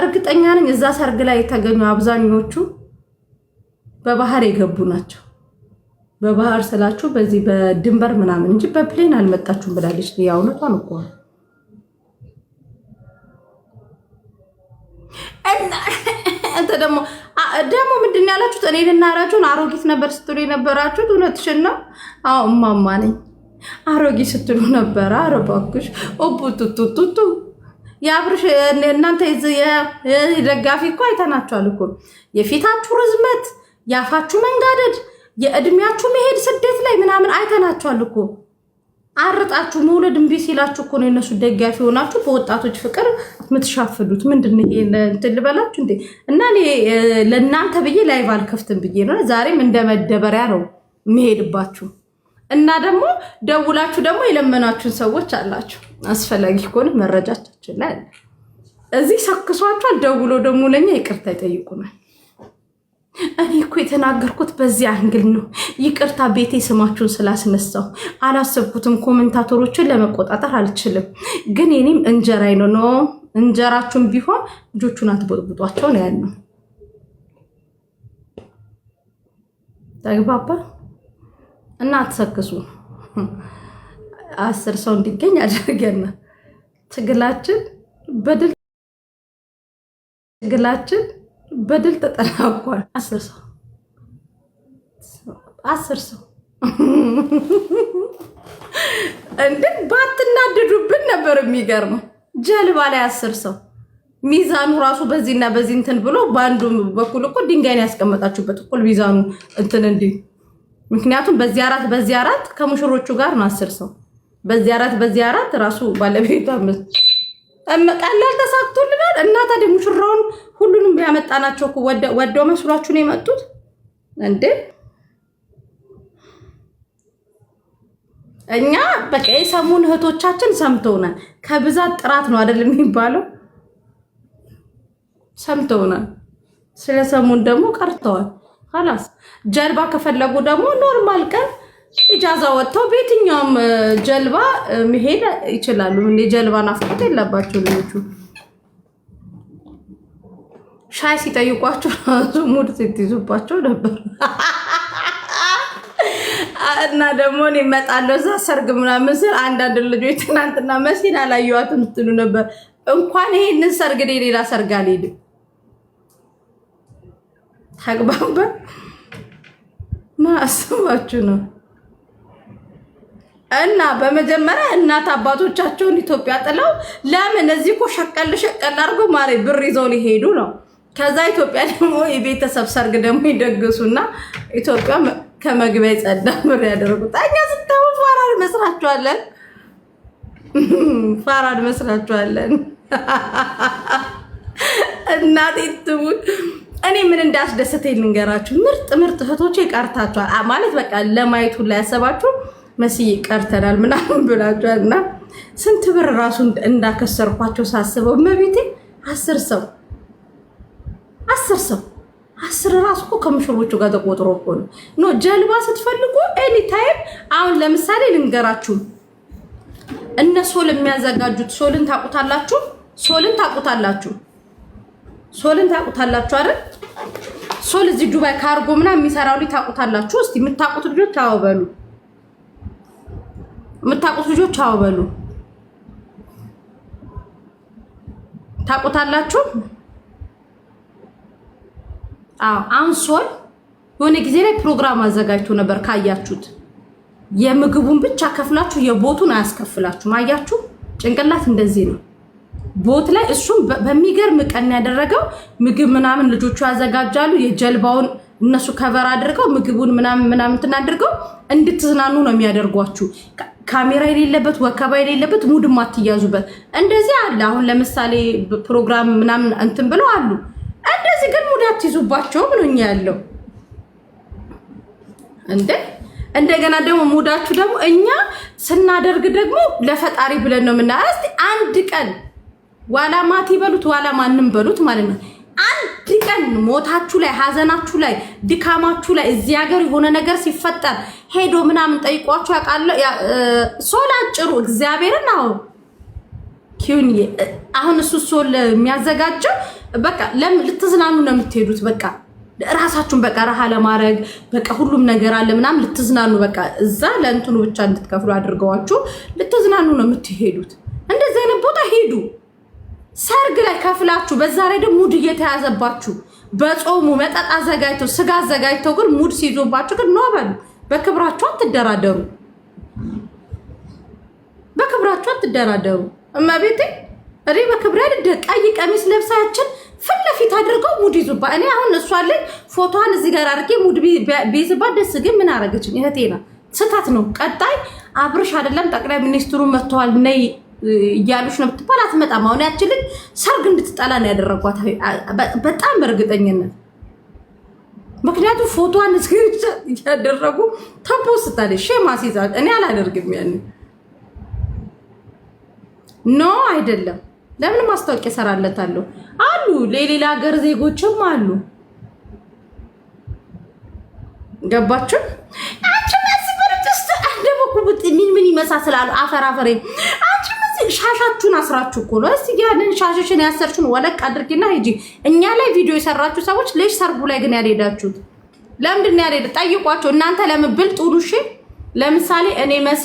እርግጠኛ ነኝ እዛ ሰርግ ላይ የተገኙ አብዛኞቹ በባህር የገቡ ናቸው። በባህር ስላችሁ በዚህ በድንበር ምናምን እንጂ በፕሌን አልመጣችሁም ብላለች። የእውነቷን እኮ እንተ ደግሞ ደግሞ ምንድን ያላችሁት እኔ ልናራችሁን አሮጊት ነበር ስትሉ የነበራችሁት እውነትሽን ነው። አዎ እማማ ነኝ አሮጊት ስትሉ ነበረ። አረባኩሽ ኦቡቱቱቱቱ የአብርሽ እናንተ ደጋፊ እኮ አይተናችኋል እኮ የፊታችሁ ርዝመት፣ የአፋችሁ መንጋደድ፣ የእድሜያችሁ መሄድ ስደት ላይ ምናምን አይተናችኋል እኮ አርጣችሁ መውለድ እምቢ ሲላችሁ እኮ ነው የነሱ ደጋፊ ሆናችሁ በወጣቶች ፍቅር የምትሻፍዱት። ምንድን ይሄ እንትን ልበላችሁ እንዴ? እና እኔ ለእናንተ ብዬ ላይቭ አልከፍትም ብዬ ነው። ዛሬም እንደ መደበሪያ ነው የምሄድባችሁ። እና ደግሞ ደውላችሁ ደግሞ የለመናችሁን ሰዎች አላችሁ። አስፈላጊ ከሆነ መረጃቻችን ላይ አለ። እዚህ ሰክሷችኋል። ደውሎ ደግሞ ለኛ ይቅርታ ይጠይቁናል። እኔ እኮ የተናገርኩት በዚህ አንግል ነው፣ ይቅርታ ቤቴ ስማችሁን ስላስነሳው አላሰብኩትም። ኮሜንታተሮችን ለመቆጣጠር አልችልም፣ ግን የኔም እንጀራይ ነው ነው እንጀራችሁን ቢሆን ልጆቹን አትቦጥቡጧቸው ነው ያልነው። ተግባባ እና አትሰክሱ። አስር ሰው እንዲገኝ አድርገን ትግላችን በድል ትግላችን በድል ተጠናቋል። አስር ሰው አስር ሰው እንደ ባትናደዱብን ነበር የሚገርመው። ጀልባ ላይ አስር ሰው ሚዛኑ ራሱ በዚህና በዚህ እንትን ብሎ በአንዱ በኩል እኮ ድንጋይን ያስቀመጣችሁበት እኩል ሚዛኑ እንትን እንዲህ ምክንያቱም በዚህ አራት በዚህ አራት ከሙሽሮቹ ጋር ነው አስር ሰው በዚህ አራት በዚህ አራት ራሱ ባለቤቷ ቀላል ተሳክቶልናል። እና ታዲያ ሙሽራውን ሁሉንም ያመጣናቸው ወደው መስሏችሁ ነው የመጡት እንዴ? እኛ በቃ የሰሙን እህቶቻችን ሰምተውናል። ከብዛት ጥራት ነው አይደል የሚባለው? ሰምተውናል። ስለሰሙን ደግሞ ቀርተዋል። ላስ ጀልባ ከፈለጉ ደግሞ ኖርማል ቀን ኢጃዛ ወጥተው በየትኛውም ጀልባ መሄድ ይችላሉ። እንዴ ጀልባ ናፍቆት የለባቸው ልጆቹ። ሻይ ሲጠይቋቸው ራሱ ሙድ ስትይዙባቸው ነበር። እና ደግሞ እኔ እመጣለሁ እዛ ሰርግ ምናምን ስል አንዳንድ ልጆች ትናንትና መሲን አላየኋትም ስትሉ ነበር። እንኳን ይሄንን ሰርግ ሌላ ሰርግ አልሄድም ተግባባ ማ አስባችሁ ነው እና በመጀመሪያ እናት አባቶቻቸውን ኢትዮጵያ ጥለው ለምን እዚህ እኮ ሸቀል ሸቀል አድርገው ማሬ ብር ይዘው ሊሄዱ ነው። ከዛ ኢትዮጵያ ደግሞ የቤተሰብ ሰርግ ደግሞ ይደግሱና ኢትዮጵያ ከመግቢያ ይጸዳ ብር ያደረጉት። እኛ ስተው ፋራድ እንመስላችኋለን፣ ፋራድ እንመስላችኋለን። እናቴ ትሙት እኔ ምን እንዳስደሰተኝ ልንገራችሁ። ምርጥ ምርጥ እህቶቼ ቀርታችኋል ማለት በቃ ለማየቱ ላያሰባችሁ ያሰባችሁ መስዬ ቀርተናል ምናምን ብላችኋል። እና ስንት ብር ራሱ እንዳከሰርኳቸው ሳስበው መቤቴ አስር ሰው አስር ሰው አስር ራሱ እኮ ከሙሽሮቹ ጋር ተቆጥሮ እኮ ነው። ኖ ጀልባ ስትፈልጉ ኤኒ ታይም። አሁን ለምሳሌ ልንገራችሁ፣ እነ ሶል የሚያዘጋጁት ሶልን ታቁታላችሁ፣ ሶልን ታቁታላችሁ ሶልን ታውቁታላችሁ አይደል? ሶል እዚህ ዱባይ ካርጎ ምናምን የሚሰራው ልጅ ታውቁታላችሁ። እስቲ የምታውቁት ልጆች አወበሉ፣ የምታውቁት ልጆች አወበሉ። ታውቁታላችሁ? አዎ። አሁን ሶል የሆነ ጊዜ ላይ ፕሮግራም አዘጋጅቶ ነበር ካያችሁት። የምግቡን ብቻ ከፍላችሁ የቦቱን አያስከፍላችሁም። አያችሁ፣ ጭንቅላት እንደዚህ ነው። ቦት ላይ እሱም በሚገርም ቀን ያደረገው ምግብ ምናምን ልጆቹ ያዘጋጃሉ። የጀልባውን እነሱ ከበር አድርገው ምግቡን ምናምን ምናምን እንትን አድርገው እንድትዝናኑ ነው የሚያደርጓችሁ። ካሜራ የሌለበት ወከባ የሌለበት ሙድም አትያዙበት። እንደዚህ አለ። አሁን ለምሳሌ ፕሮግራም ምናምን እንትን ብለው አሉ። እንደዚህ ግን ሙድ አትይዙባቸው። ነው ያለው እንደ እንደገና ደግሞ ሙዳችሁ ደግሞ እኛ ስናደርግ ደግሞ ለፈጣሪ ብለን ነው የምናስ አንድ ቀን ዋላ ማቲ በሉት ዋላ ማንም በሉት ማለት ነው። አንድ ቀን ሞታችሁ ላይ ሀዘናችሁ ላይ ድካማችሁ ላይ እዚህ ሀገር የሆነ ነገር ሲፈጠር ሄዶ ምናምን ጠይቋችሁ ያውቃለሁ። ሶል አጭሩ እግዚአብሔርን አሁ ኪዩን አሁን እሱ ሶል የሚያዘጋጀው በቃ ልትዝናኑ ነው የምትሄዱት። በቃ ራሳችሁን በቃ ረሃ ለማድረግ በቃ ሁሉም ነገር አለ ምናምን ልትዝናኑ በቃ እዛ ለእንትኑ ብቻ እንድትከፍሉ አድርገዋችሁ ልትዝናኑ ነው የምትሄዱት። እንደዚህ አይነት ቦታ ሄዱ። ሰርግ ላይ ከፍላችሁ በዛ ላይ ደግሞ ሙድ እየተያዘባችሁ በጾሙ መጠጥ አዘጋጅተው ስጋ አዘጋጅተው ግን ሙድ ሲይዞባችሁ ግን ኖበሉ በክብራችሁ አትደራደሩ፣ በክብራችሁ አትደራደሩ። እመቤቴ እኔ በክብሬ አይደል ቀይ ቀሚስ ለብሳችን ፊት ለፊት አድርገው ሙድ ይዙባ። እኔ አሁን እሷ ላይ ፎቶዋን እዚህ ጋር አድርጌ ሙድ ቢይዝባት ደስ ግን ምን አረገችኝ? እህቴና ስታት ነው። ቀጣይ አብርሽ አይደለም ጠቅላይ ሚኒስትሩ መጥተዋል ነይ እያሉች ነው ብትባል አትመጣም። አሁን ያችልን ሰርግ እንድትጠላ ነው ያደረጓት በጣም በእርግጠኝነት። ምክንያቱም ፎቶዋን ስክሪንሻ እያደረጉ ተፖስታለች። ሼ አስይዛል። እኔ አላደርግም ያን ኖ አይደለም። ለምን ማስታወቂያ እሰራለታለሁ አሉ። ለሌላ ሀገር ዜጎችም አሉ። ገባችሁ? አንቺ ማስበረጥ ውስጥ አንደበኩ ምን ምን ይመሳሰላሉ። አፈር አፈሬ ሻሻችሁን አስራችሁ እኮ ነው። እስቲ ያንን ሻሽሽን ያሰርችሁን ወለቅ አድርጊና ሂጂ። እኛ ላይ ቪዲዮ የሰራችሁ ሰዎች ልጅ ሰርጉ ላይ ግን ያልሄዳችሁት ለምንድን ነው ያልሄደ? ጠይቋቸው እናንተ ለምን ብልጥ እሺ ለምሳሌ እኔ መሲ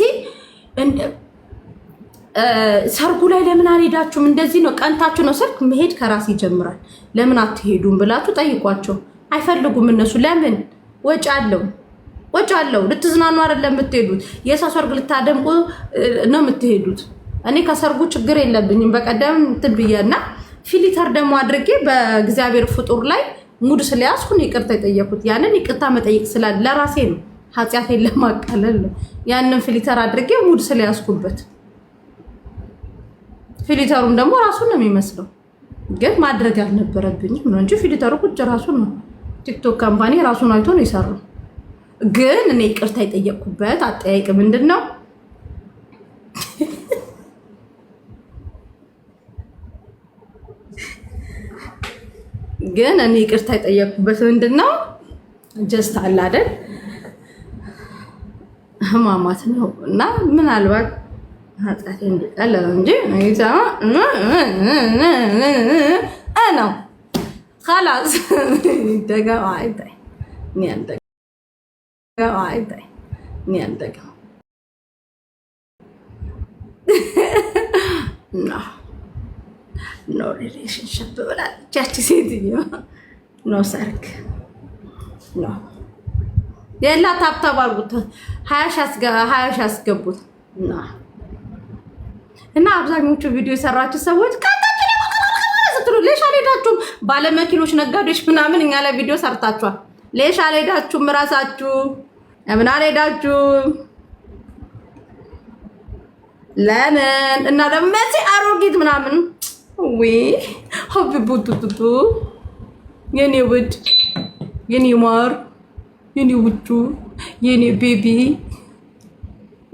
ሰርጉ ላይ ለምን አልሄዳችሁም? እንደዚህ ነው ቀንታችሁ ነው። ሰርግ መሄድ ከራስ ይጀምራል። ለምን አትሄዱም ብላችሁ ጠይቋቸው። አይፈልጉም እነሱ። ለምን ወጪ አለው ወጪ አለው። ልትዝናኑ አይደለም የምትሄዱት፣ የሰው ሰርግ ልታደምቁ ነው የምትሄዱት። እኔ ከሰርጉ ችግር የለብኝም። በቀደም እንትን ብዬና ፊሊተር ደግሞ አድርጌ በእግዚአብሔር ፍጡር ላይ ሙድ ስለያዝኩን ይቅርታ የጠየኩት ያንን ይቅርታ መጠየቅ ስላለ ለራሴ ነው፣ ኃጢአቴን ለማቃለል ነው። ያንን ፊሊተር አድርጌ ሙድ ስለያዝኩበት ፊሊተሩም ደግሞ ራሱን ነው የሚመስለው፣ ግን ማድረግ አልነበረብኝም ነው እንጂ ፊሊተሩ ቁጭ ራሱን ነው። ቲክቶክ ካምፓኒ ራሱን አይቶ ነው የሰራው። ግን እኔ ይቅርታ የጠየቅኩበት አጠያይቅ ምንድን ነው? ግን እኔ ይቅርታ የጠየቅኩበት ምንድን ነው ጀስት አለ አይደል ህማማት ነው እና ምናልባት ኃጢአቴ እንዲቀል ነው እንጂ ነው ላስ ደገ ኖ ሪሌሽንሽፕ ብላለች ያቺ ሴትዮ። ኖ ሰርግ ኖ የላ ታብታብ አድርጉት፣ ሀያ አስገቡት እና አብዛኞቹ ቪዲዮ የሰራችሁ ሰዎች ስትሉ ሌሽ አልሄዳችሁም፣ ባለመኪኖች፣ ነጋዴዎች ምናምን እኛ ላይ ቪዲዮ ሰርታችኋል። ሌሽ አልሄዳችሁም፣ እራሳችሁ ምን አልሄዳችሁም። ለምን እና ደግሞ መቼ አሮጊት ምናምን ወይ ሀብ ቡቱቱቱ የኔ ውድ የኔ ማር የኔ ውጁ የኔ ቤቢ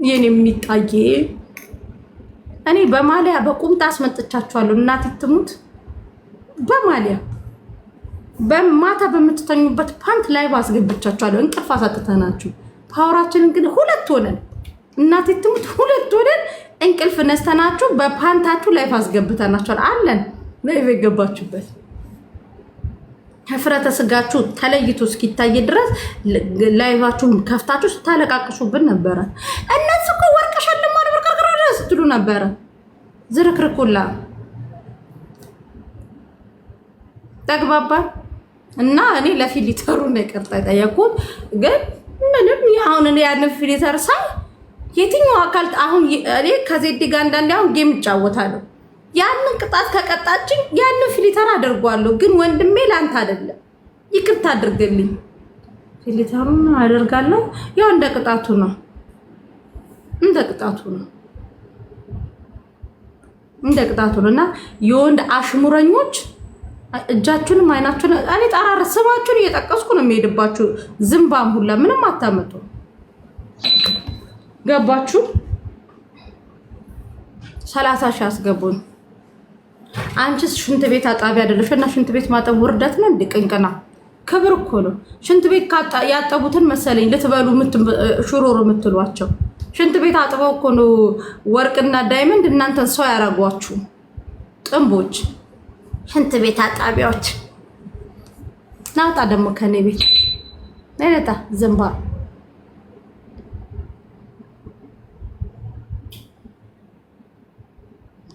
የኔ የሚጣዬ እኔ በማሊያ በቁምጣ አስመጥቻችኋለሁ። እናት ትሙት በማሊያ በማታ በምትተኙበት ፓንት ላይ ባስገብቻችኋለሁ። እንቅልፍ አሳጥተናችሁ ፓወራችንን ግን ሁለት ሆነን እናት ትሙት ሁለት ሆነን እንቅልፍ ነስተናችሁ በፓንታችሁ ላይፍ አስገብተናችኋል። አለን ላይፍ የገባችሁበት ህፍረተ ስጋችሁ ተለይቶ እስኪታይ ድረስ ላይቫችሁን ከፍታችሁ ስታለቃቅሱብን ነበረ። እነሱ እኮ ወርቅ ሸልማ በርቅርቅር ስትሉ ነበረ። ዝርክርኩላ ጠግባባ እና እኔ ለፊሊተሩ ነው ይቅርታ የጠየኩት። ግን ምንም አሁን ያንን ፊሊተር ሳይ የትኛው አካል አሁን እኔ ከዜድ ጋር አንዳንዴ አሁን ጌም እጫወታለሁ። ያንን ቅጣት ከቀጣችን ያንን ፊሊተር አደርጓለሁ። ግን ወንድሜ ላንተ አይደለም፣ ይቅርታ አድርግልኝ። ፊሊተሩን አደርጋለሁ። ያው እንደ ቅጣቱ ነው፣ እንደ ቅጣቱ ነው፣ እንደ ቅጣቱ ነው። እና የወንድ አሽሙረኞች እጃችሁንም አይናችሁን እኔ ጠራር ስማችሁን እየጠቀስኩ ነው የሚሄድባችሁ። ዝምባም ሁላ ምንም አታመጡ። ገባችሁ? ሰላሳ ሺህ አስገቡን። አንቺስ ሽንት ቤት አጣቢ አይደለሽ እና ሽንት ቤት ማጠብ ውርደት ነው እንዴ? ቅንቅና ክብር እኮ ነው። ሽንት ቤት ያጠቡትን መሰለኝ ልትበሉ ሽሮሮ የምትሏቸው ሽንት ቤት አጥበው እኮ ነው ወርቅና ዳይመንድ እናንተ ሰው ያረጓችሁ ጥንቦች፣ ሽንት ቤት አጣቢያዎች። ናውጣ ደግሞ ከኔ ቤት ነጣ ዝንባ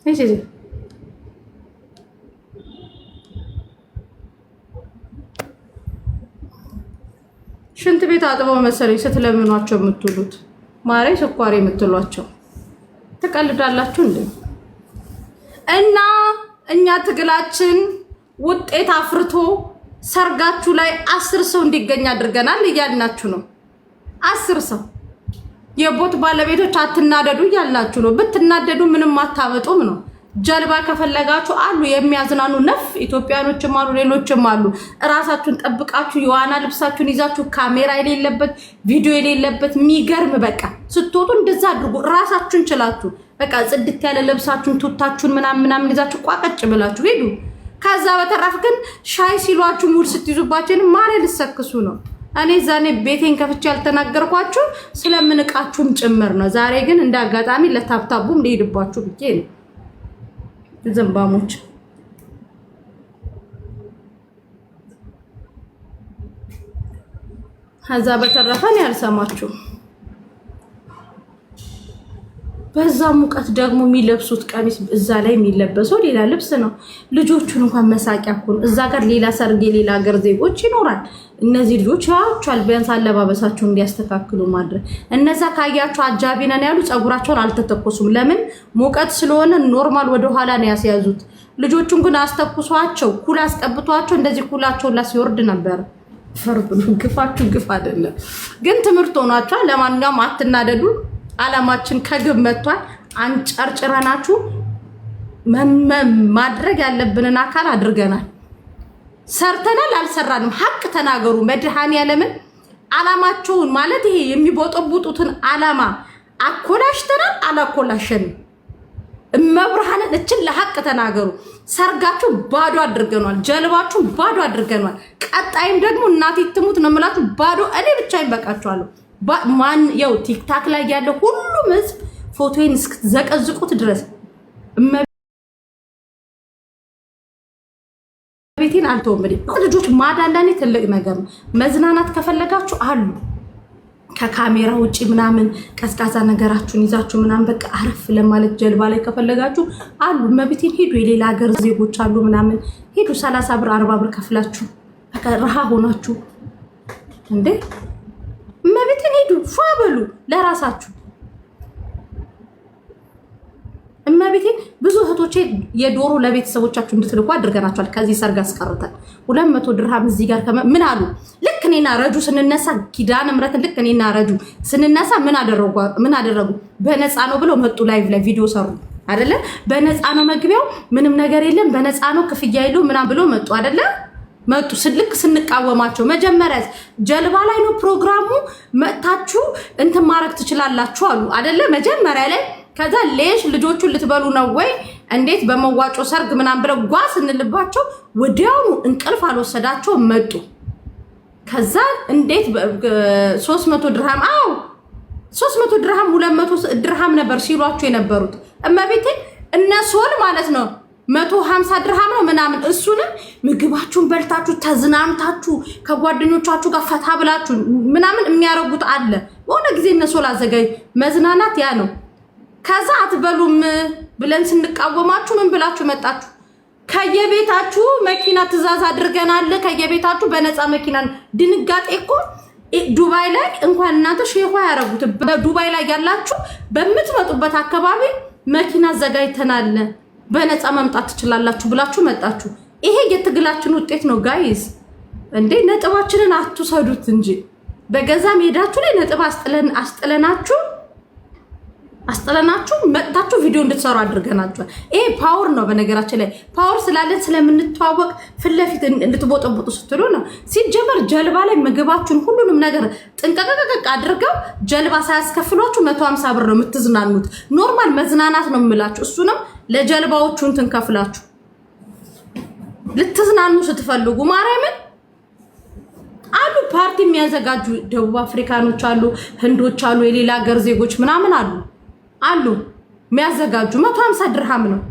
ሽንት ቤት አጥበው መሰለኝ ስትለምኗቸው የምትውሉት ማሬ ስኳሬ የምትሏቸው ትቀልዳላችሁ እንዴ? እና እኛ ትግላችን ውጤት አፍርቶ ሰርጋችሁ ላይ አስር ሰው እንዲገኝ አድርገናል እያልናችሁ ነው። አስር ሰው የቦት ባለቤቶች አትናደዱ እያላችሁ ነው። ብትናደዱ ምንም አታመጡም ነው። ጀልባ ከፈለጋችሁ አሉ የሚያዝናኑ ነፍ ኢትዮጵያኖችም አሉ፣ ሌሎችም አሉ። እራሳችሁን ጠብቃችሁ የዋና ልብሳችሁን ይዛችሁ ካሜራ የሌለበት ቪዲዮ የሌለበት የሚገርም በቃ ስትወጡ እንደዛ አድርጉ። እራሳችሁን ችላችሁ በቃ ጽድት ያለ ልብሳችሁን ቱታችሁን ምናምን ምናምን ይዛችሁ ቋቀጭ ብላችሁ ሄዱ። ከዛ በተረፍ ግን ሻይ ሲሏችሁ ሙድ ስትይዙባቸውን ማሬ ልሰክሱ ነው። እኔ ዛኔ ቤቴን ከፍቼ ያልተናገርኳችሁ ስለምንቃችሁም ጭምር ነው። ዛሬ ግን እንደ አጋጣሚ ለታብታቡም ሊሄድባችሁ ብዬ ነው። ዘንባሞች ከዛ በተረፈን ያልሰማችሁ በዛ ሙቀት ደግሞ የሚለብሱት ቀሚስ እዛ ላይ የሚለበሰው ሌላ ልብስ ነው። ልጆቹን እንኳን መሳቂያ እኮ ነው። እዛ ጋር ሌላ ሰርግ፣ የሌላ ሀገር ዜጎች ይኖራል። እነዚህ ልጆች ያዋቸዋል። ቢያንስ አለባበሳቸው እንዲያስተካክሉ ማድረግ። እነዛ ካያቸው አጃቢ ነን ያሉ ፀጉራቸውን አልተተኮሱም። ለምን ሙቀት ስለሆነ ኖርማል ወደኋላ ነው ያስያዙት። ልጆቹን ግን አስተኩሷቸው፣ ኩል አስቀብቷቸው እንደዚህ ኩላቸውን ላስወርድ ነበር። ነው ግፋችሁ ግፍ አይደለም ግን ትምህርት ሆኗቸዋል። ለማንኛውም አትናደዱ። አላማችን ከግብ መጥቷል። አንጨርጭረናችሁ ማድረግ ያለብንን አካል አድርገናል። ሰርተናል፣ አልሰራንም። ሀቅ ተናገሩ። መድኃኔዓለምን አላማቸውን ማለት ይሄ የሚቦጠቡጡትን አላማ አኮላሽተናል፣ አላኮላሸንም። እመብርሃንን እችን ለሀቅ ተናገሩ። ሰርጋችሁ ባዶ አድርገኗል። ጀልባችሁ ባዶ አድርገኗል። ቀጣይም ደግሞ እናቴ ትሙት ነው የምላችሁ ባዶ እኔ ብቻ ይበቃችኋለሁ። ማን ያው ቲክታክ ላይ ያለ ሁሉም ህዝብ ፎቶዬን እስክትዘቀዝቁት ድረስ እመቤቴን አልተውም። ልጆች ማዳን ለእኔ ትልቅ ነገር ነው። መዝናናት ከፈለጋችሁ አሉ ከካሜራ ውጭ ምናምን ቀዝቃዛ ነገራችሁን ይዛችሁ ምናምን በቃ አረፍ ለማለት ጀልባ ላይ ከፈለጋችሁ አሉ። እመቤቴን ሄዱ፣ የሌላ ሀገር ዜጎች አሉ ምናምን ሄዱ። ሰላሳ ብር አርባ ብር ከፍላችሁ በቃ ረሃ ሆናችሁ እንዴ ሂዱ ፏ በሉ ለራሳችሁ። እመቤቴ ብዙ እህቶቼ የዶሮ ለቤተሰቦቻችሁ እንድትልኩ አድርገናቸዋል። ከዚህ ሰርግ አስቀርተን ሁለት መቶ ድርሃም እዚህ ጋር ምን አሉ? ልክ እኔና ረጁ ስንነሳ ኪዳነ ምሕረትን ልክ እኔና ረጁ ስንነሳ ምን አደረጉ? በነፃ ነው ብለው መጡ። ላይቭ ላይ ቪዲዮ ሰሩ አይደለ? በነፃ ነው መግቢያው፣ ምንም ነገር የለም በነፃ ነው ክፍያ የለው ምናም ብለው መጡ አይደለ? መጡ ስልክ ስንቃወማቸው መጀመሪያ ጀልባ ላይ ነው ፕሮግራሙ መጥታችሁ እንትን ማድረግ ትችላላችሁ አሉ አደለ መጀመሪያ ላይ ከዛ ሌሽ ልጆቹን ልትበሉ ነው ወይ እንዴት በመዋጮ ሰርግ ምናምን ብለው ጓ ስንልባቸው ወዲያውኑ እንቅልፍ አልወሰዳቸው መጡ ከዛ እንዴት ሶስት መቶ ድርሃም አው ሶስት መቶ ድርሃም ሁለት መቶ ድርሃም ነበር ሲሏቸው የነበሩት እመቤቴ እነ ሶል ማለት ነው መቶ ሀምሳ ድርሃም ነው ምናምን። እሱንም ምግባችሁን በልታችሁ ተዝናንታችሁ ከጓደኞቻችሁ ጋር ፈታ ብላችሁ ምናምን የሚያረጉት አለ። በሆነ ጊዜ እነሱ ላዘጋጅ መዝናናት ያ ነው። ከዛ አትበሉም ብለን ስንቃወማችሁ ምን ብላችሁ መጣችሁ? ከየቤታችሁ መኪና ትዕዛዝ አድርገናል። ከየቤታችሁ በነፃ መኪና ድንጋጤ እኮ ዱባይ ላይ እንኳን እናንተ ሼሆ ያረጉት በዱባይ ላይ ያላችሁ በምትመጡበት አካባቢ መኪና አዘጋጅተናል በነፃ መምጣት ትችላላችሁ ብላችሁ መጣችሁ። ይሄ የትግላችን ውጤት ነው ጋይዝ። እንዴ ነጥባችንን አትውሰዱት እንጂ በገዛ ሜዳችሁ ላይ ነጥብ አስጥለናችሁ አስጠለናችሁ መጥታችሁ ቪዲዮ እንድትሰሩ አድርገናችኋል። ይሄ ፓወር ነው። በነገራችን ላይ ፓወር ስላለን ስለምንተዋወቅ ፊት ለፊት እንድትቦጠቦጡ ስትሉ ነው። ሲጀመር ጀልባ ላይ ምግባችሁን፣ ሁሉንም ነገር ጥንቀቀቀቅ አድርገው ጀልባ ሳያስከፍሏችሁ መቶ ሀምሳ ብር ነው የምትዝናኑት። ኖርማል መዝናናት ነው የምላችሁ። እሱንም ለጀልባዎቹ እንትን ከፍላችሁ ልትዝናኑ ስትፈልጉ ማርያምን አሉ ፓርቲ የሚያዘጋጁ ደቡብ አፍሪካኖች አሉ፣ ህንዶች አሉ፣ የሌላ ሀገር ዜጎች ምናምን አሉ። አሉ የሚያዘጋጁ መቶ ሀምሳ ድርሃም ነው።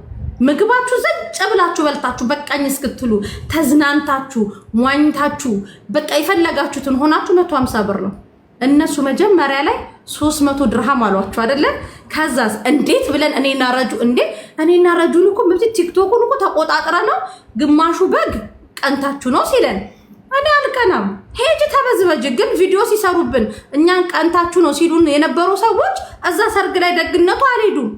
ምግባችሁ ዘጭ ብላችሁ በልታችሁ በቃኝ እስክትሉ ተዝናንታችሁ ሟኝታችሁ በቃ የፈለጋችሁትን ሆናችሁ መቶ ሀምሳ ብር ነው። እነሱ መጀመሪያ ላይ ሶስት መቶ ድርሃም አሏችሁ አይደለም? ከዛስ እንዴት ብለን እኔና ረጁ እንዴ እኔና ረጁን እኮ ቲክቶኩን እኮ ተቆጣጥረ ነው ግማሹ በግ ቀንታችሁ ነው ሲለን እኔ አልቀናም። ሄጅ ተበዝበጅ። ግን ቪዲዮ ሲሰሩብን እኛን ቀንታችሁ ነው ሲሉን የነበሩ ሰዎች እዛ ሰርግ ላይ ደግነቱ አልሄዱም፣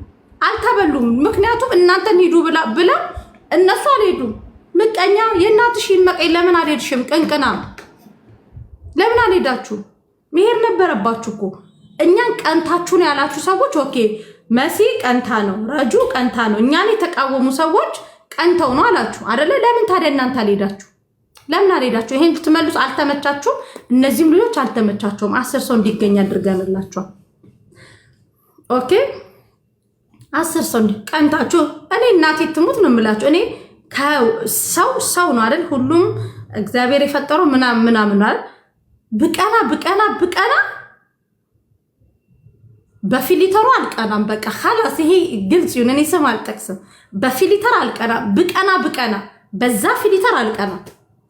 አልተበሉም። ምክንያቱም እናንተን ሂዱ ብላ እነሱ አልሄዱም። ምቀኛ የእናትሽ ይመቀኝ። ለምን አልሄድሽም? ቅንቅና ለምን አልሄዳችሁ? መሄድ ነበረባችሁ እኮ እኛን ቀንታችሁ ነው ያላችሁ ሰዎች ኦኬ። መሲ ቀንታ ነው፣ ረጁ ቀንታ ነው። እኛን የተቃወሙ ሰዎች ቀንተው ነው አላችሁ አደለ? ለምን ታዲያ እናንተ አልሄዳችሁ? ለምን አልሄዳችሁ? ይሄን ትመልሱ አልተመቻችሁም። እነዚህም ልጆች አልተመቻቸውም። አስር ሰው እንዲገኝ አድርገንላቸዋል። ኦኬ አስር ሰው ቀንታችሁ እኔ እናቴ ትሙት ነው የምላችሁ። እኔ ሰው ሰው ነው አይደል? ሁሉም እግዚአብሔር የፈጠረው ምናምን ምናምን ነው አይደል? ብቀና ብቀና ብቀና በፊሊተሩ አልቀናም። በቃ ላስ ይሄ ግልጽ ይሁን። እኔ ስም አልጠቅስም። በፊሊተር አልቀናም። ብቀና ብቀና በዛ ፊሊተር አልቀናም።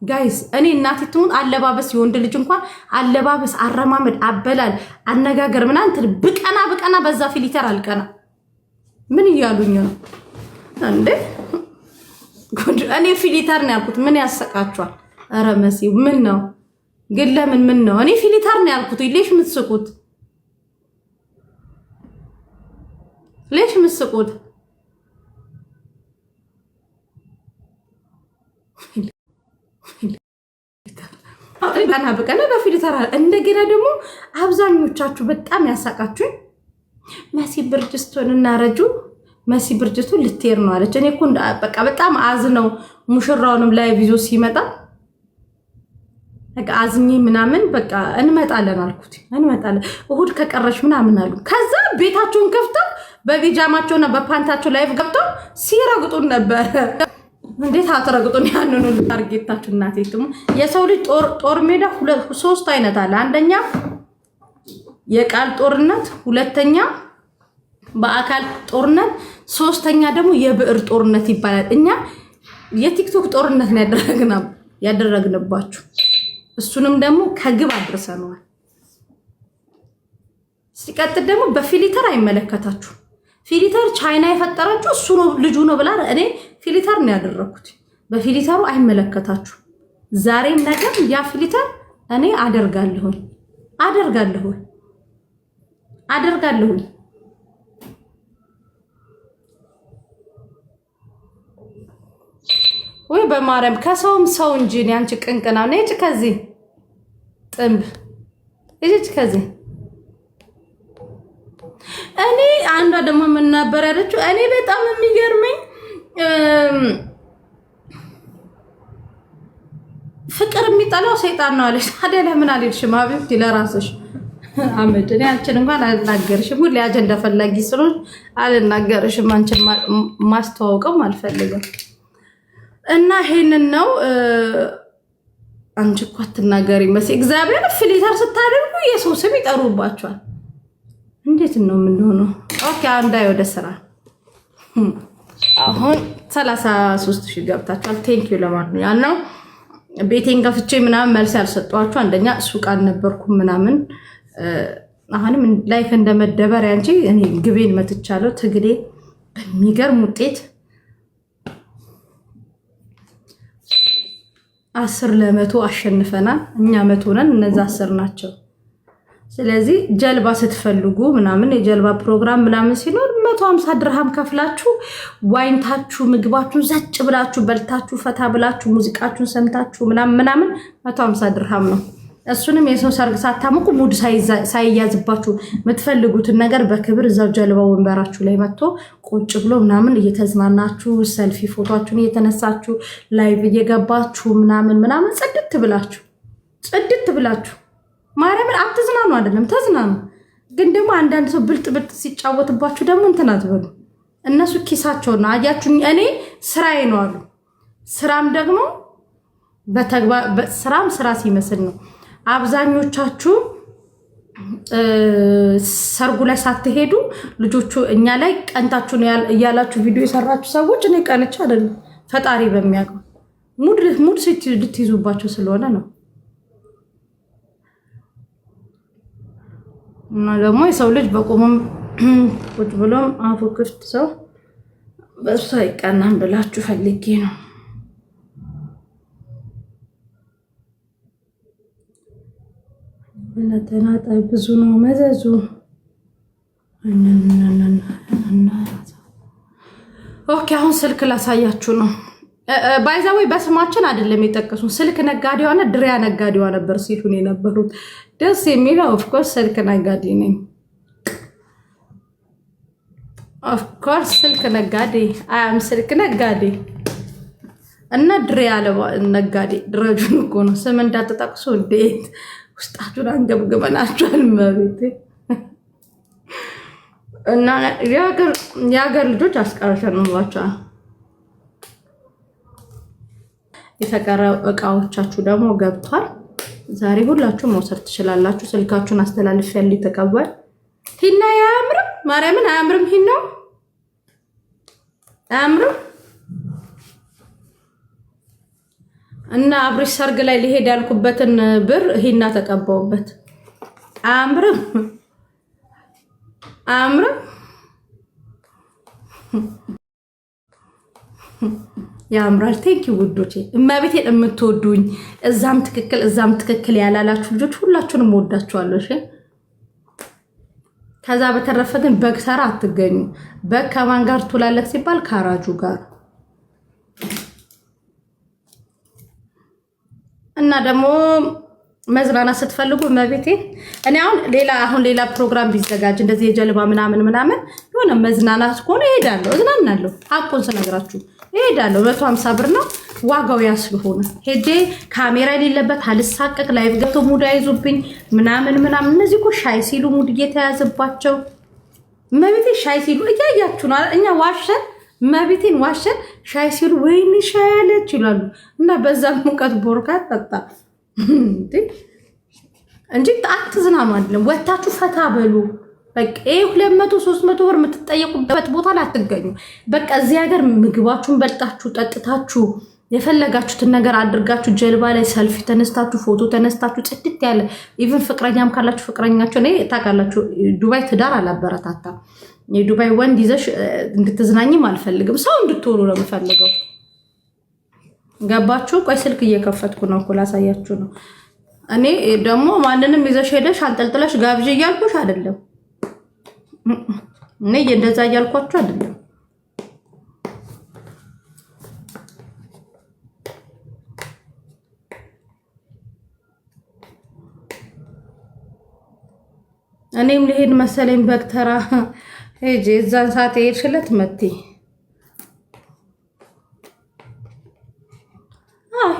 ጋይስ እኔ እናቴ ትሙት አለባበስ የወንድ ልጅ እንኳን አለባበስ፣ አረማመድ፣ አበላል፣ አነጋገር ምናምን ብቀና ብቀና በዛ ፊሊተር አልቀና። ምን እያሉኝ ነው እንዴ? እኔ ፊሊተር ነው ያልኩት። ምን ያሰቃችኋል? ኧረ መሲ ምን ነው ግን? ለምን ምን ነው? እኔ ፊሊተር ነው ያልኩት። ሌሽ ምትስቁት? ሌሽ ምትስቁት? አጥሪቃና በቀለ በፊልተራ እንደገና ደግሞ አብዛኞቻችሁ በጣም ያሳቃችሁኝ መሲ ብርጅስቶን እና ረጁ መሲ ብርጅስቶን ልትሄድ ነው አለች። እኔ እኮ በቃ በጣም አዝ ነው ሙሽራውንም ላይ ይዞ ሲመጣ በቃ አዝኜ ምናምን በቃ እንመጣለን አልኩት። እንመጣለን እሁድ ከቀረሽ ምናምን አሉ። ከዛ ቤታቸውን ከፍተው በቢጃማቸውና በፓንታቸው ላይፍ ገብተው ሲረግጡን ነበር። እንዴት አትረግጡን? ያንኑ ታርጌታችሁ እናቴ የሰው ልጅ ጦር ሜዳ ሶስት አይነት አለ። አንደኛ የቃል ጦርነት፣ ሁለተኛ በአካል ጦርነት፣ ሶስተኛ ደግሞ የብዕር ጦርነት ይባላል። እኛ የቲክቶክ ጦርነት ያደረግንባችሁ። እሱንም ደግሞ ከግብ አድርሰነዋል። ሲቀጥል ደግሞ በፊሊተር አይመለከታችሁ። ፊሊተር ቻይና የፈጠራችሁ እሱ ነው ልጁ ነው ብላ እኔ ፊሊተር ነው ያደረኩት። በፊሊተሩ አይመለከታችሁ። ዛሬም ነገር ያ ፊሊተር እኔ አደርጋለሁኝ አደርጋለሁኝ አደርጋለሁኝ ወይ በማርያም ከሰውም ሰው እንጂ አንቺ ቅንቅና ነጭ ከዚህ ጥንብ እዚች ከዚህ እኔ አንዷ ደግሞ ምን ነበር ያለችው? እኔ በጣም የሚገርመኝ ፍቅር የሚጠላው ሰይጣን ነው አለች። ታዲያ ለምን አልሄድሽም? አቤት ለራስሽ አመድ እኔ አንቺን እንኳን አልናገርሽም። ሁሌ አጀንዳ ፈላጊ ስለሆንሽ አልናገርሽም። አንቺን ማስተዋወቅም አልፈልግም። እና ይሄንን ነው አንቺ እኮ አትናገሪ መስ እግዚአብሔር ፊልተር ስታደርጉ የሰው ስም ይጠሩባቸዋል። እንዴት ነው የምንሆነው? ኦኬ አንዳይ ወደ ስራ አሁን ሰላሳ ሶስት ሺህ ገብታችኋል። ቴንኪዩ ለማለት ነው ያልነው። ቤቴን ከፍቼ ምናምን መልስ ያልሰጠኋችሁ አንደኛ ሱቅ አልነበርኩም ምናምን። አሁንም ላይፍ እንደመደበር ያንቺ እኔ ግቤን መትቻለሁ። ትግሌ በሚገርም ውጤት አስር ለመቶ አሸንፈናል። እኛ መቶ ነን፣ እነዛ አስር ናቸው። ስለዚህ ጀልባ ስትፈልጉ ምናምን የጀልባ ፕሮግራም ምናምን ሲኖር መቶ ሀምሳ ድርሃም ከፍላችሁ ዋይንታችሁ ምግባችሁን ዘጭ ብላችሁ በልታችሁ ፈታ ብላችሁ ሙዚቃችሁን ሰምታችሁ ምናምን ምናምን መቶ ሀምሳ ድርሃም ነው። እሱንም የሰው ሰርግ ሳታምቁ ሙድ ሳይያዝባችሁ የምትፈልጉትን ነገር በክብር እዛው ጀልባ ወንበራችሁ ላይ መጥቶ ቁጭ ብሎ ምናምን እየተዝናናችሁ ሰልፊ ፎቶችሁን እየተነሳችሁ ላይቭ እየገባችሁ ምናምን ምናምን ጽድት ብላችሁ ጽድት ብላችሁ ማርያምን አትዝናኑ አይደለም ተዝናኑ። ግን ደግሞ አንዳንድ ሰው ብልጥ ብልጥ ሲጫወትባችሁ ደግሞ እንትን አትበሉ። እነሱ ኪሳቸው ነው። አያችሁ፣ እኔ ስራዬ ነው አሉ። ስራም ደግሞ ስራም ስራ ሲመስል ነው። አብዛኞቻችሁ ሰርጉ ላይ ሳትሄዱ ልጆቹ እኛ ላይ ቀንታችሁ እያላችሁ ቪዲዮ የሰራችሁ ሰዎች እኔ ቀንቻ አይደለም ፈጣሪ በሚያውቀው ሙድ ሙድ ልትይዙባቸው ስለሆነ ነው። እና ደግሞ የሰው ልጅ በቁሙም ቁጭ ብሎም አፉ ክፍት ሰው በእሱ አይቀናም ብላችሁ ፈልጌ ነው። ለተናጣይ ብዙ ነው መዘዙ። ኦኬ አሁን ስልክ ላሳያችሁ ነው። ባይዛዌ በስማችን አይደለም የጠቀሱ ስልክ ነጋዴዋና ድሪያ ነጋዴዋ ነበር ሲሉን የነበሩት። ደስ የሚለው ኦፍኮርስ ስልክ ነጋዴ ነኝ። ኦፍኮርስ ስልክ ነጋዴ አያም ስልክ ነጋዴ እና ድሬ ያለ ነጋዴ ድረጁን እኮ ነው። ስም እንዳትጠቅሱ እንዴት ውስጣችሁን አንገብግበናችኋል። መቤት እና የሀገር ልጆች አስቀርተንላቸዋል። የተቀረ እቃዎቻችሁ ደግሞ ገብቷል። ዛሬ ሁላችሁም መውሰድ ትችላላችሁ። ስልካችሁን አስተላልፍ ያለ የተቀባይ ሂና አያምርም፣ ማርያምን አያምርም፣ ሂናው አያምርም። እና አብርሽ ሰርግ ላይ ሊሄድ ያልኩበትን ብር ሂና ተቀባውበት። አያምርም፣ አያምርም ያምራል። ቴንኪ ውዶቼ፣ እመቤቴን የምትወዱኝ እዛም ትክክል እዛም ትክክል ያላላችሁ ልጆች ሁላችሁንም ወዳችኋለሁ። ከዛ በተረፈ ግን በግ ሰራ አትገኙ። በግ ከማን ጋር ትውላለህ ሲባል ከአራጁ ጋር እና ደግሞ መዝናናት ስትፈልጉ መቤቴ እኔ አሁን ሌላ አሁን ሌላ ፕሮግራም ቢዘጋጅ እንደዚህ የጀልባ ምናምን ምናምን የሆነ መዝናናት ከሆነ እሄዳለሁ፣ እዝናናለሁ። ሀቁን ስነግራችሁ እሄዳለሁ። መቶ ሀምሳ ብር ነው ዋጋው ያ ስለሆነ ሄጄ ካሜራ የሌለበት አልሳቀቅ ላይቭ ገብቶ ሙድ አይዙብኝ ምናምን ምናምን። እነዚህ እኮ ሻይ ሲሉ ሙድ እየተያዘባቸው መቤቴ ሻይ ሲሉ እያያችሁ ነው። እኛ ዋሸን መቤቴን ዋሸን። ሻይ ሲሉ ወይኔ ሻይ አለች ይላሉ። እና በዛ ሙቀት ቦርካ ጠጣ እንጂ አትዝናኑ አይደለም። ወታችሁ ፈታ በሉ። በቃ ይህ ሁለት መቶ ብር የምትጠየቁበት ቦታ ላይ አትገኙ። በቃ እዚህ ሀገር ምግባችሁን በልጣችሁ ጠጥታችሁ የፈለጋችሁትን ነገር አድርጋችሁ ጀልባ ላይ ሰልፊ ተነስታችሁ ፎቶ ተነስታችሁ ጽድት ያለ ኢቨን ፍቅረኛም ካላችሁ ፍቅረኛችሁ እኔ ታውቃላችሁ፣ ዱባይ ትዳር አላበረታታም። የዱባይ ወንድ ይዘሽ እንድትዝናኝም አልፈልግም። ሰው እንድትሆኑ ነው የምፈልገው። ገባችሁ? ቆይ ስልክ እየከፈትኩ ነው እኮ ላሳያችሁ ነው። እኔ ደግሞ ማንንም ይዘሽ ሄደሽ አንጠልጥለሽ ጋብዥ እያልኩሽ አይደለም። እኔ እንደዛ እያልኳችሁ አይደለም። እኔም ልሄድ መሰለኝ በግ ተራ ሂጅ። የዛን ሰዓት የሄድሽለት መቲ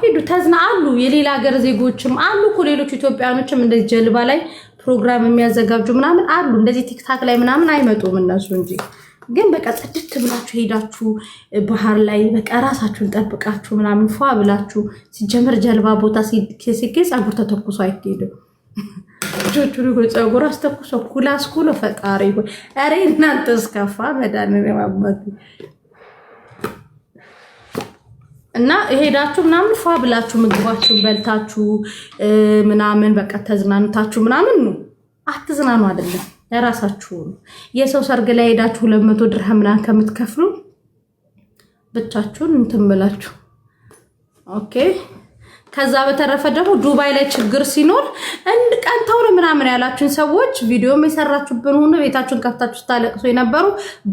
ሂዱ ተዝና አሉ። የሌላ ሀገር ዜጎችም አሉ እኮ ሌሎች ኢትዮጵያኖችም እንደዚህ ጀልባ ላይ ፕሮግራም የሚያዘጋጁ ምናምን አሉ። እንደዚህ ቲክታክ ላይ ምናምን አይመጡም እነሱ እንጂ ግን በቃ ጽድት ብላችሁ ሄዳችሁ ባህር ላይ በቃ ራሳችሁን ጠብቃችሁ ምናምን ፏ ብላችሁ ሲጀምር ጀልባ ቦታ ሲገኝ ጸጉር ተተኩሶ አይሄድም። ልጆቹ ልጎ ጸጉር አስተኩሶ ኩላስኩሎ ፈጣሪ ሆይ ኧረ እናንተ እስከፋ መዳንን የማመቱ እና ሄዳችሁ ምናምን ፏ ብላችሁ ምግባችሁን በልታችሁ ምናምን በቃ ተዝናንታችሁ ምናምን ነው። አትዝናኑ አይደለም ለራሳችሁ የሰው ሰርግ ላይ ሄዳችሁ ሁለት መቶ ድርሃ ምናምን ከምትከፍሉ ብቻችሁን እንትን ብላችሁ ኦኬ ከዛ በተረፈ ደግሞ ዱባይ ላይ ችግር ሲኖር እንድ ቀንተው ነው ምናምን ያላችሁን ሰዎች ቪዲዮም የሰራችሁብን ሆኖ ቤታችሁን ከፍታችሁ ስታለቅሱ የነበሩ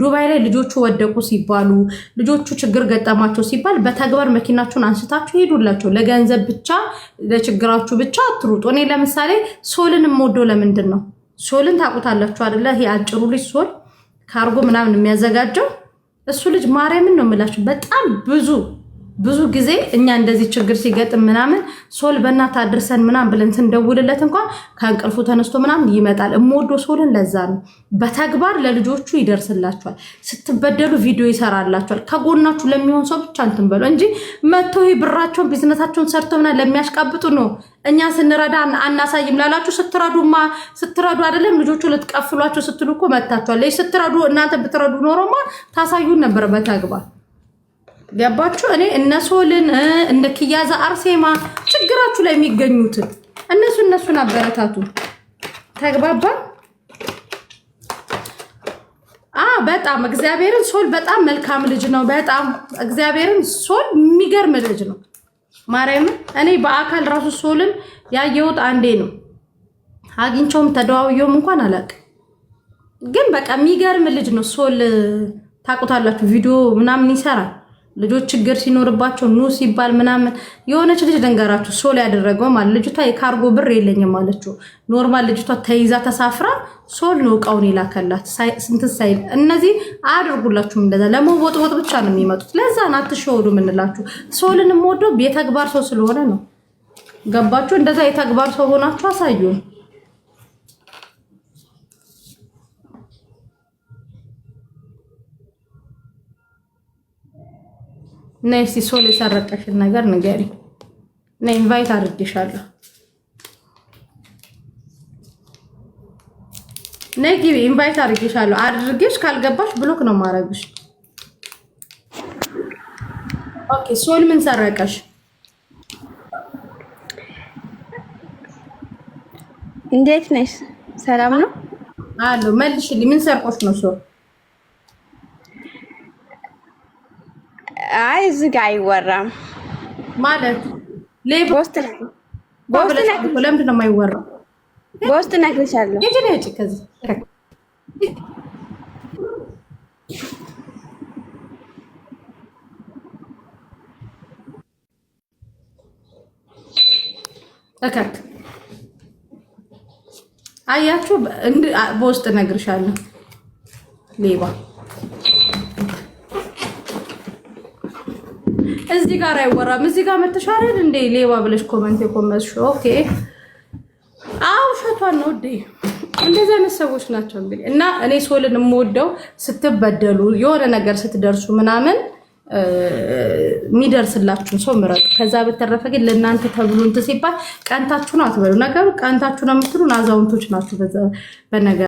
ዱባይ ላይ ልጆቹ ወደቁ ሲባሉ ልጆቹ ችግር ገጠማቸው ሲባል በተግባር መኪናችሁን አንስታችሁ ሄዱላቸው። ለገንዘብ ብቻ ለችግራችሁ ብቻ አትሩጡ። እኔ ለምሳሌ ሶልን የምወደው ለምንድን ነው? ሶልን ታውቁታላችሁ አደለ? ይሄ አጭሩ ልጅ ሶል ካርጎ ምናምን የሚያዘጋጀው እሱ ልጅ ማርያምን ነው የምላችሁ በጣም ብዙ ብዙ ጊዜ እኛ እንደዚህ ችግር ሲገጥም ምናምን ሶል በእናት አድርሰን ምናምን ብለን ስንደውልለት እንኳን ከእንቅልፉ ተነስቶ ምናምን ይመጣል። እምወዶ ሶልን ለዛ ነው። በተግባር ለልጆቹ ይደርስላቸዋል። ስትበደሉ ቪዲዮ ይሰራላቸዋል። ከጎናችሁ ለሚሆን ሰው ብቻ እንትን በሉ እንጂ መቶ ብራቸውን ቢዝነሳቸውን ሰርቶ ምናምን ለሚያሽቃብጡ ነው እኛ ስንረዳ አናሳይም ላላችሁ ስትረዱማ ስትረዱ አይደለም ልጆቹ ልትቀፍሏቸው ስትሉ እኮ መታችኋል። ስትረዱ እናንተ ብትረዱ ኖሮማ ታሳዩን ነበር በተግባር ገባችሁ? እኔ እነ ሶልን እንደ ኪያዛ አርሴማ ችግራችሁ ላይ የሚገኙትን እነሱ እነሱን አበረታቱ። ተግባባ? አ በጣም እግዚአብሔርን ሶል በጣም መልካም ልጅ ነው። በጣም እግዚአብሔርን ሶል የሚገርም ልጅ ነው። ማርያም እኔ በአካል ራሱ ሶልን ያየሁት አንዴ ነው። አግኝቸውም ተደዋውየውም እንኳን አላቅ ግን በቃ የሚገርም ልጅ ነው። ሶል ታውቁታላችሁ። ቪዲዮ ምናምን ይሰራል ልጆች ችግር ሲኖርባቸው ኑ ሲባል ምናምን የሆነች ልጅ ደንገራችሁ ሶል ያደረገው ማለት ልጅቷ የካርጎ ብር የለኝም አለችው። ኖርማል ልጅቷ ተይዛ ተሳፍራ ሶል ነው እቃውን የላከላት ስንት ሳይል። እነዚህ አያደርጉላችሁም። እንደዛ ለመወጥወጥ ብቻ ነው የሚመጡት። ለዛን አትሸወዱ የምንላችሁ ሶልን የምወደው የተግባር ሰው ስለሆነ ነው። ገባችሁ? እንደዛ የተግባር ሰው ሆናችሁ አሳዩን። ነሲ ሶል የሰረቀሽን ነገር ንገሪ እና ኢንቫይት አድርጌሻለሁ። ነጊ ኢንቫይት አድርጌሻለሁ። አድርጌሽ ካልገባሽ ብሎክ ነው ማረግሽ። ኦኬ ሶል ምን ሰረቀሽ? እንዴት ነሽ? ሰላም ነው አሎ። መልሽልኝ። ምን ሰርቆሽ ነው ሶል? አይ እዚህ ጋር አይወራም ማለት ቦስት ለምንድን ነው የማይወራው? በውስጥ እነግርሻለሁ። እከክ አያችሁ፣ በውስጥ እነግርሻለሁ ሌባ እዚህ ጋር አይወራም። እዚህ ጋር መተሻረል እንዴ ሌባ ብለሽ ኮመንት የኮመስ ኦኬ። አዎ ውሸቷን ነው ውዴ። እንደዚህ አይነት ሰዎች ናቸው እንግዲህ እና እኔ ሶልን የምወደው ስትበደሉ፣ የሆነ ነገር ስትደርሱ ምናምን የሚደርስላችሁን ሰው ምረጡ። ከዛ በተረፈ ግን ለእናንተ ተብሎ እንትን ሲባል ቀንታችሁ ነው አትበሉ። ነገሩ ቀንታችሁ ነው የምትሉን አዛውንቶች ናችሁ በነገር